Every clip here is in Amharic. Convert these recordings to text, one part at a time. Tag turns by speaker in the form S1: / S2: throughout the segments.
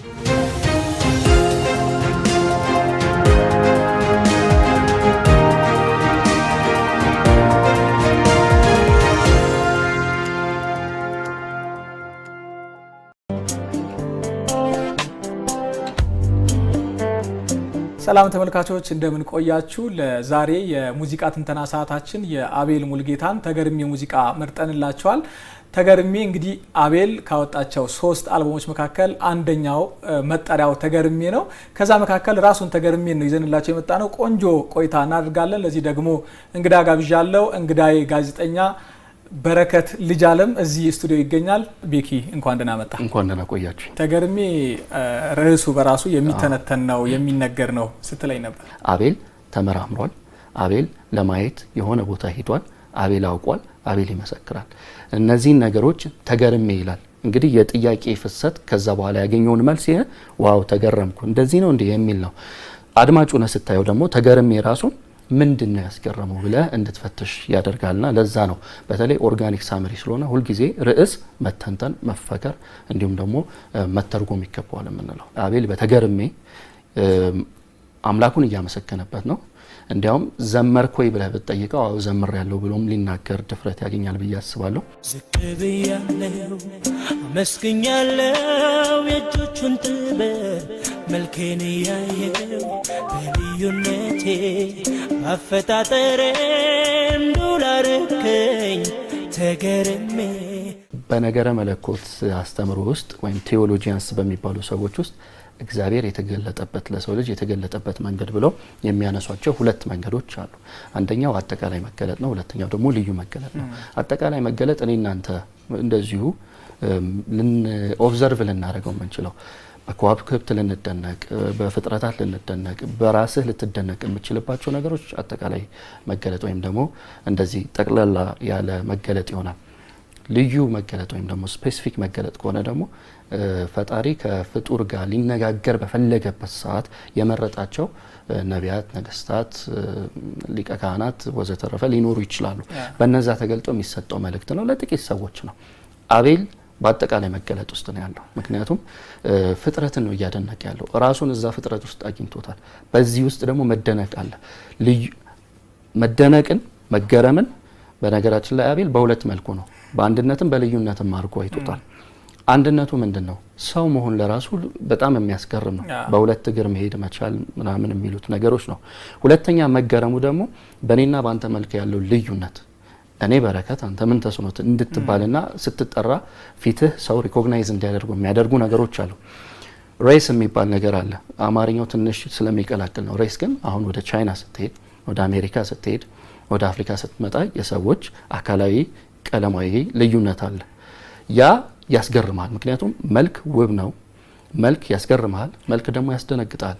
S1: Thank you ሰላም ተመልካቾች እንደምን ቆያችሁ። ለዛሬ የሙዚቃ ትንተና ሰዓታችን የአቤል ሙልጌታን ተገርሜ ሙዚቃ መርጠንላችኋል። ተገርሜ እንግዲህ አቤል ካወጣቸው ሶስት አልበሞች መካከል አንደኛው መጠሪያው ተገርሜ ነው። ከዛ መካከል ራሱን ተገርሜ ነው ይዘንላቸው የመጣ ነው። ቆንጆ ቆይታ እናደርጋለን። ለዚህ ደግሞ እንግዳ ጋብዣለሁ። እንግዳዬ ጋዜጠኛ በረከት ልጅ አለም እዚህ ስቱዲዮ ይገኛል። ቤኪ እንኳን ደህና መጣ።
S2: እንኳን ደህና ቆያችሁ።
S1: ተገርሜ ርዕሱ በራሱ የሚተነተን ነው የሚነገር ነው ስትለኝ ነበር።
S2: አቤል ተመራምሯል። አቤል ለማየት የሆነ ቦታ ሂዷል። አቤል አውቋል። አቤል ይመሰክራል። እነዚህን ነገሮች ተገርሜ ይላል። እንግዲህ የጥያቄ ፍሰት ከዛ በኋላ ያገኘውን መልስ ዋው ተገረምኩ፣ እንደዚህ ነው እንዲህ የሚል ነው። አድማጩ ሆነ ስታየው ደግሞ ተገርሜ ራሱን ምንድን ነው ያስገረመው ብለ እንድትፈትሽ ያደርጋልና ለዛ ነው በተለይ ኦርጋኒክ ሳምሪ ስለሆነ ሁልጊዜ ርዕስ መተንተን፣ መፈከር እንዲሁም ደግሞ መተርጎም ይገባዋል የምንለው። አቤል በተገርሜ አምላኩን እያመሰከነበት ነው። እንዲያውም ዘመር ብለህ ብትጠይቀው አዎ ዘምር ያለው ብሎም ሊናገር ድፍረት ያገኛል ብዬ አስባለሁ። ዝቅ አመስግኛለው የእጆቹን ጥበብ መልኬን እያየው በልዩነቴ አፈጣጠሬም በነገረ መለኮት አስተምሮ ውስጥ ወይም ቴዎሎጂያንስ በሚባሉ ሰዎች ውስጥ እግዚአብሔር የተገለጠበት ለሰው ልጅ የተገለጠበት መንገድ ብለው የሚያነሷቸው ሁለት መንገዶች አሉ። አንደኛው አጠቃላይ መገለጥ ነው። ሁለተኛው ደግሞ ልዩ መገለጥ ነው። አጠቃላይ መገለጥ እኔ እናንተ እንደዚሁ ኦብዘርቭ ልናደርገው የምንችለው ከዋክብት ልንደነቅ፣ በፍጥረታት ልንደነቅ፣ በራስህ ልትደነቅ የምትችልባቸው ነገሮች አጠቃላይ መገለጥ ወይም ደግሞ እንደዚህ ጠቅላላ ያለ መገለጥ ይሆናል። ልዩ መገለጥ ወይም ደግሞ ስፔሲፊክ መገለጥ ከሆነ ደግሞ ፈጣሪ ከፍጡር ጋር ሊነጋገር በፈለገበት ሰዓት የመረጣቸው ነቢያት፣ ነገስታት፣ ሊቀ ካህናት ወዘተረፈ ሊኖሩ ይችላሉ። በነዛ ተገልጦ የሚሰጠው መልእክት ነው። ለጥቂት ሰዎች ነው። አቤል በአጠቃላይ መገለጥ ውስጥ ነው ያለው። ምክንያቱም ፍጥረትን ነው እያደነቀ ያለው ራሱን እዛ ፍጥረት ውስጥ አግኝቶታል። በዚህ ውስጥ ደግሞ መደነቅ አለ። ልዩ መደነቅን መገረምን በነገራችን ላይ አቤል በሁለት መልኩ ነው በአንድነትም በልዩነትም አድርጎ አይቶታል። አንድነቱ ምንድን ነው? ሰው መሆን ለራሱ በጣም የሚያስገርም ነው። በሁለት እግር መሄድ መቻል ምናምን የሚሉት ነገሮች ነው። ሁለተኛ መገረሙ ደግሞ በእኔና በአንተ መልክ ያለው ልዩነት እኔ በረከት አንተ ምን ተስኖት እንድትባልና ስትጠራ ፊትህ ሰው ሪኮግናይዝ እንዲያደርጉ የሚያደርጉ ነገሮች አሉ። ሬስ የሚባል ነገር አለ። አማርኛው ትንሽ ስለሚቀላቅል ነው። ሬስ ግን አሁን ወደ ቻይና ስትሄድ፣ ወደ አሜሪካ ስትሄድ፣ ወደ አፍሪካ ስትመጣ የሰዎች አካላዊ ቀለማዊ ልዩነት አለ። ያ ያስገርማል። ምክንያቱም መልክ ውብ ነው። መልክ ያስገርመሃል፣ መልክ ደግሞ ያስደነግጣል።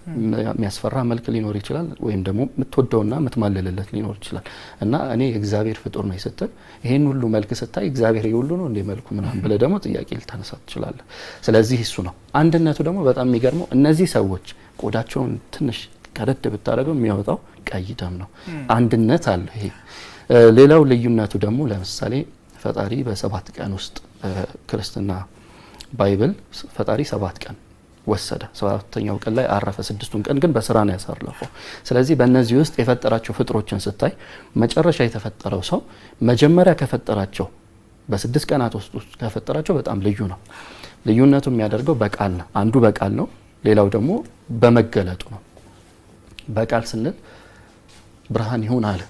S2: የሚያስፈራ መልክ ሊኖር ይችላል፣ ወይም ደግሞ የምትወደውና የምትማልልለት ሊኖር ይችላል። እና እኔ የእግዚአብሔር ፍጡር ነው ስትል ይህን ሁሉ መልክ ስታይ እግዚአብሔር የሁሉ ነው እንደ መልኩ ምናምን ብለህ ደግሞ ጥያቄ ልታነሳ ትችላለህ። ስለዚህ እሱ ነው አንድነቱ። ደግሞ በጣም የሚገርመው እነዚህ ሰዎች ቆዳቸውን ትንሽ ቀደድ ብታደረገው የሚያወጣው ቀይ ደም ነው። አንድነት አለው ይሄ። ሌላው ልዩነቱ ደግሞ ለምሳሌ ፈጣሪ በሰባት ቀን ውስጥ ክርስትና ባይብል ፈጣሪ ሰባት ቀን ወሰደ። ሰባተኛው ቀን ላይ አረፈ። ስድስቱን ቀን ግን በስራ ነው ያሳለፈው። ስለዚህ በእነዚህ ውስጥ የፈጠራቸው ፍጥሮችን ስታይ መጨረሻ የተፈጠረው ሰው መጀመሪያ ከፈጠራቸው በስድስት ቀናት ውስጥ ከፈጠራቸው በጣም ልዩ ነው። ልዩነቱ የሚያደርገው በቃል ነው። አንዱ በቃል ነው፣ ሌላው ደግሞ በመገለጡ ነው። በቃል ስንል ብርሃን ይሁን አለ።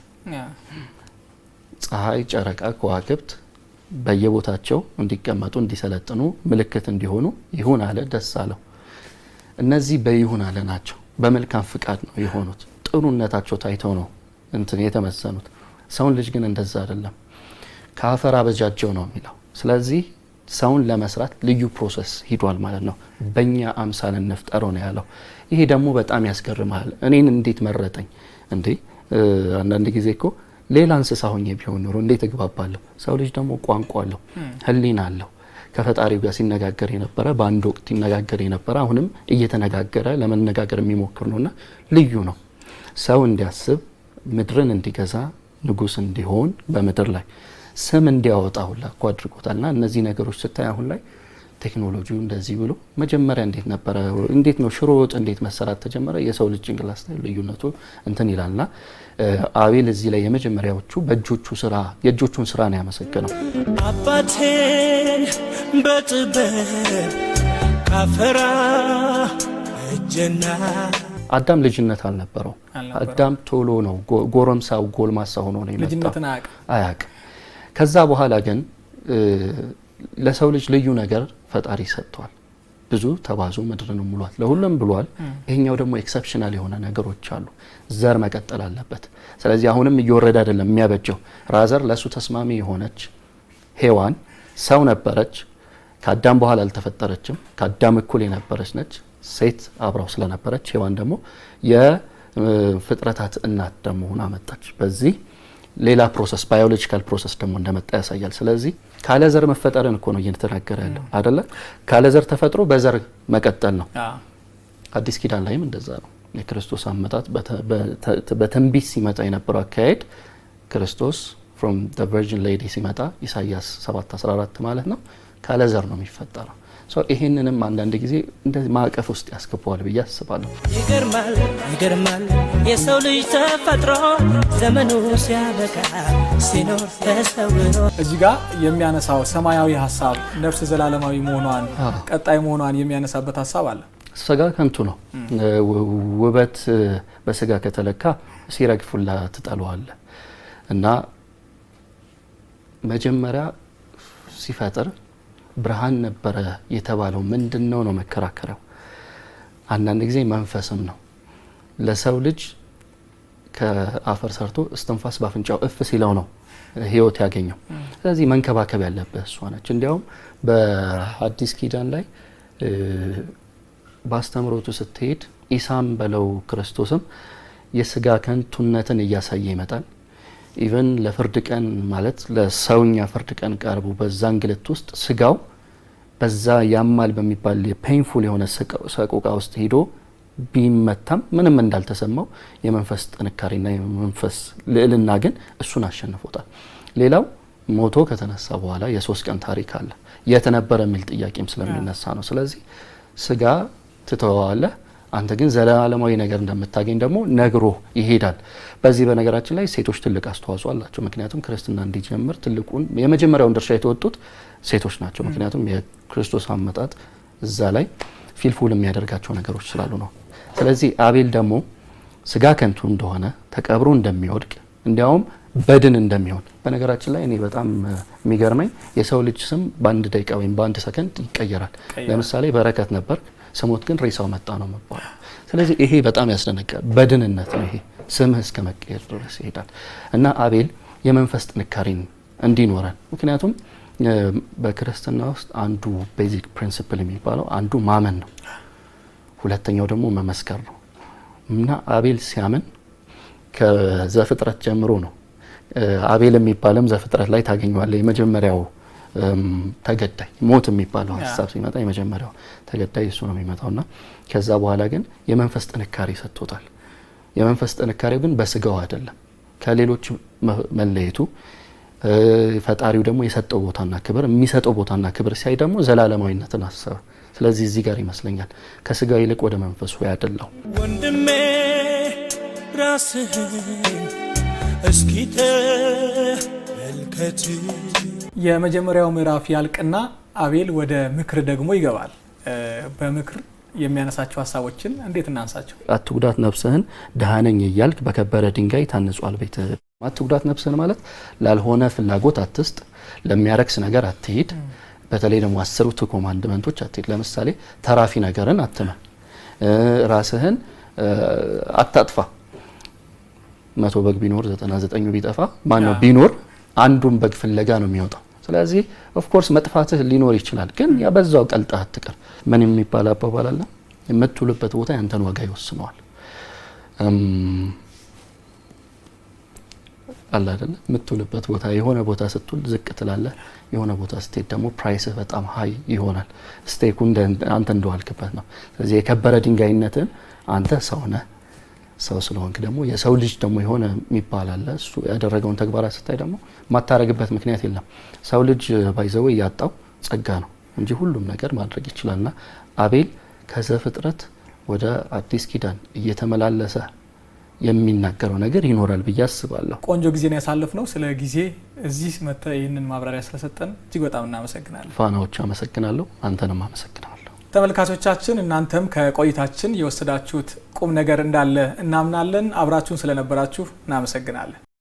S2: ፀሐይ፣ ጨረቃ፣ ከዋክብት በየቦታቸው እንዲቀመጡ እንዲሰለጥኑ ምልክት እንዲሆኑ ይሁን አለ ደስ አለው። እነዚህ በይሁን አለ ናቸው። በመልካም ፍቃድ ነው የሆኑት። ጥሩነታቸው ታይተው ነው እንትን የተመሰኑት። ሰውን ልጅ ግን እንደዛ አይደለም። ከአፈር አበጃጀው ነው የሚለው። ስለዚህ ሰውን ለመስራት ልዩ ፕሮሰስ ሂዷል ማለት ነው። በእኛ አምሳል እንፍጠረው ነው ያለው። ይሄ ደግሞ በጣም ያስገርማል። እኔን እንዴት መረጠኝ እንዴ! አንዳንድ ጊዜ እኮ ሌላ እንስሳ ሆኜ ቢሆን ኖሮ እንዴት እግባባለሁ? ሰው ልጅ ደግሞ ቋንቋ አለው፣ ህሊና አለው። ከፈጣሪው ጋር ሲነጋገር የነበረ በአንድ ወቅት ይነጋገር የነበረ አሁንም እየተነጋገረ ለመነጋገር የሚሞክር ነውና ልዩ ነው። ሰው እንዲያስብ፣ ምድርን እንዲገዛ፣ ንጉስ እንዲሆን በምድር ላይ ስም እንዲያወጣ ሁላ እኮ አድርጎታልና እነዚህ ነገሮች ስታይ አሁን ላይ ቴክኖሎጂው እንደዚህ ብሎ መጀመሪያ እንዴት ነበረ? እንዴት ነው ሽሮ ወጥ እንዴት መሰራት ተጀመረ? የሰው ልጅ ጭንቅላት ስታይል ልዩነቱ እንትን ይላልና አቤል እዚህ ላይ የመጀመሪያዎቹ በእጆቹ ስራ የእጆቹን ስራ ነው ያመሰገነው። አባቴን በጥበብ ካፈራ እጀና አዳም ልጅነት አልነበረው። አዳም ቶሎ ነው ጎረምሳው ጎልማሳ ሆኖ ነው የመጣው። አያቅ ከዛ በኋላ ግን ለሰው ልጅ ልዩ ነገር ፈጣሪ ሰጥቷል። ብዙ ተባዙ ምድርን ሙሏል፣ ለሁሉም ብሏል። ይሄኛው ደግሞ ኤክሰፕሽናል የሆነ ነገሮች አሉ። ዘር መቀጠል አለበት። ስለዚህ አሁንም እየወረደ አይደለም የሚያበጀው። ራዘር ለእሱ ተስማሚ የሆነች ሔዋን ሰው ነበረች። ከአዳም በኋላ አልተፈጠረችም። ከአዳም እኩል የነበረች ነች። ሴት አብራው ስለነበረች ሔዋን ደግሞ የፍጥረታት እናት ደግሞ ሆና መጣች። በዚህ ሌላ ፕሮሰስ ባዮሎጂካል ፕሮሰስ ደግሞ እንደመጣ ያሳያል። ስለዚህ ካለ ዘር መፈጠርን እኮ ነው እየተናገረ ያለው አደለ? ካለ ዘር ተፈጥሮ በዘር መቀጠል ነው። አዲስ ኪዳን ላይም እንደዛ ነው። የክርስቶስ አመጣት በትንቢት ሲመጣ የነበረው አካሄድ ክርስቶስ ፍሮም ቨርጅን ሌዲ ሲመጣ ኢሳያስ 7 14 ማለት ነው ካለ ዘር ነው የሚፈጠረው። ይሄንንም አንዳንድ ጊዜ እንደ ማዕቀፍ ውስጥ ያስገባዋል ብዬ አስባለሁ። ይገርማል ይገርማል የሰው ልጅ ተፈጥሮ
S1: ዘመኑ ሲያበቃ ሲኖር ተሰውሮ እዚህ ጋር የሚያነሳው ሰማያዊ ሀሳብ ነፍስ ዘላለማዊ መሆኗን ቀጣይ መሆኗን የሚያነሳበት ሀሳብ አለ።
S2: ስጋ ከንቱ ነው። ውበት በስጋ ከተለካ ሲረግፉላ ትጠለዋለ እና መጀመሪያ ሲፈጥር ብርሃን ነበረ የተባለው ምንድን ነው ነው መከራከሪያው። አንዳንድ ጊዜ መንፈስም ነው። ለሰው ልጅ ከአፈር ሰርቶ እስትንፋስ ባፍንጫው እፍ ሲለው ነው ህይወት ያገኘው። ስለዚህ መንከባከብ ያለበት እሷ ነች። እንዲያውም በአዲስ ኪዳን ላይ በአስተምሮቱ ስትሄድ ኢሳም በለው ክርስቶስም የስጋ ከንቱነትን እያሳየ ይመጣል። ኢቨን ለፍርድ ቀን ማለት ለሰውኛ ፍርድ ቀን ቀርቡ በዛ እንግልት ውስጥ ስጋው በዛ ያማል በሚባል የፔንፉል የሆነ ሰቆቃ ውስጥ ሄዶ ቢመታም ምንም እንዳልተሰማው የመንፈስ ጥንካሬና የመንፈስ ልዕልና ግን እሱን አሸንፎታል። ሌላው ሞቶ ከተነሳ በኋላ የሶስት ቀን ታሪክ አለ የት ነበረ የሚል ጥያቄም ስለሚነሳ ነው። ስለዚህ ስጋ ትተዋዋለህ አንተ ግን ዘላለማዊ ነገር እንደምታገኝ ደግሞ ነግሮ ይሄዳል። በዚህ በነገራችን ላይ ሴቶች ትልቅ አስተዋጽኦ አላቸው። ምክንያቱም ክርስትና እንዲጀምር ትልቁን የመጀመሪያውን ድርሻ የተወጡት ሴቶች ናቸው። ምክንያቱም የክርስቶስ አመጣጥ እዛ ላይ ፊልፉል የሚያደርጋቸው ነገሮች ስላሉ ነው። ስለዚህ አቤል ደግሞ ስጋ ከንቱ እንደሆነ ተቀብሮ እንደሚወድቅ እንዲያውም በድን እንደሚሆን በነገራችን ላይ እኔ በጣም የሚገርመኝ የሰው ልጅ ስም በአንድ ደቂቃ ወይም በአንድ ሰከንድ ይቀየራል። ለምሳሌ በረከት ነበር ስሞት ግን ሬሳው መጣ ነው የሚባለው። ስለዚህ ይሄ በጣም ያስደነጋል። በድንነት ነው ይሄ ስምህ እስከ መቀየር ድረስ ይሄዳል እና አቤል የመንፈስ ጥንካሬን እንዲኖረን ምክንያቱም በክርስትና ውስጥ አንዱ ቤዚክ ፕሪንሲፕል የሚባለው አንዱ ማመን ነው፣ ሁለተኛው ደግሞ መመስከር ነው እና አቤል ሲያምን ከዘፍጥረት ጀምሮ ነው። አቤል የሚባለም ዘፍጥረት ላይ ታገኘዋለህ የመጀመሪያው ተገዳይ ሞት የሚባለው ሀሳብ ሲመጣ የመጀመሪያው ተገዳይ እሱ ነው የሚመጣው ና ከዛ በኋላ ግን የመንፈስ ጥንካሬ ሰጥቶታል። የመንፈስ ጥንካሬው ግን በስጋው አይደለም፣ ከሌሎች መለየቱ ፈጣሪው ደግሞ የሰጠው ቦታና ክብር የሚሰጠው ቦታና ክብር ሲያይ ደግሞ ዘላለማዊነትን አሰበ። ስለዚህ እዚህ ጋር ይመስለኛል ከስጋው ይልቅ ወደ መንፈሱ ያደላው ወንድሜ ራስህን
S1: እስኪ ተመልከት የመጀመሪያው ምዕራፍ ያልቅና አቤል ወደ ምክር ደግሞ ይገባል። በምክር የሚያነሳቸው ሀሳቦችን እንዴት እናንሳቸው?
S2: አትጉዳት ነፍስህን ድሃ እያልክ በከበረ ድንጋይ ታንጿል ቤትህ። አትጉዳት ነፍስህን ማለት ላልሆነ ፍላጎት አትስጥ፣ ለሚያረክስ ነገር አትሄድ። በተለይ ደግሞ አስሩት ኮማንድመንቶች አትሄድ። ለምሳሌ ተራፊ ነገርን አትመ፣ ራስህን አታጥፋ። መቶ በግ ቢኖር ዘጠና ዘጠኙ ቢጠፋ ማነው ቢኖር አንዱን በግ ፍለጋ ነው የሚወጣው ስለዚህ ኦፍኮርስ መጥፋትህ ሊኖር ይችላል፣ ግን ያ በዛው ቀልጠህ አትቀር። ምን የሚባል አባባል አለ፣ የምትውልበት ቦታ ያንተን ዋጋ ይወስነዋል። አለ አይደለ? የምትውልበት ቦታ የሆነ ቦታ ስትውል ዝቅ ትላለ፣ የሆነ ቦታ ስትሄድ ደግሞ ፕራይስህ በጣም ሀይ ይሆናል። ስቴኩ አንተ እንደዋልክበት ነው። ስለዚህ የከበረ ድንጋይነትን አንተ ሰውነህ ሰው ስለሆንክ ደግሞ የሰው ልጅ ደግሞ የሆነ የሚባል አለ። እሱ ያደረገውን ተግባራት ስታይ ደግሞ የማታረግበት ምክንያት የለም። ሰው ልጅ ባይዘው ያጣው ጸጋ ነው እንጂ ሁሉም ነገር ማድረግ ይችላልና አቤል ከዘፍጥረት ወደ አዲስ ኪዳን እየተመላለሰ የሚናገረው ነገር ይኖራል ብዬ አስባለሁ።
S1: ቆንጆ ጊዜ ነው ስለ ጊዜ እዚህ መጥተህ ይህንን ማብራሪያ ስለሰጠን እጅግ በጣም እናመሰግናለን።
S2: ፋናዎቹ አመሰግናለሁ። አንተንም አመሰግናለሁ።
S1: ተመልካቾቻችን እናንተም ከቆይታችን የወሰዳችሁት ቁም ነገር እንዳለ እናምናለን። አብራችሁን ስለነበራችሁ እናመሰግናለን።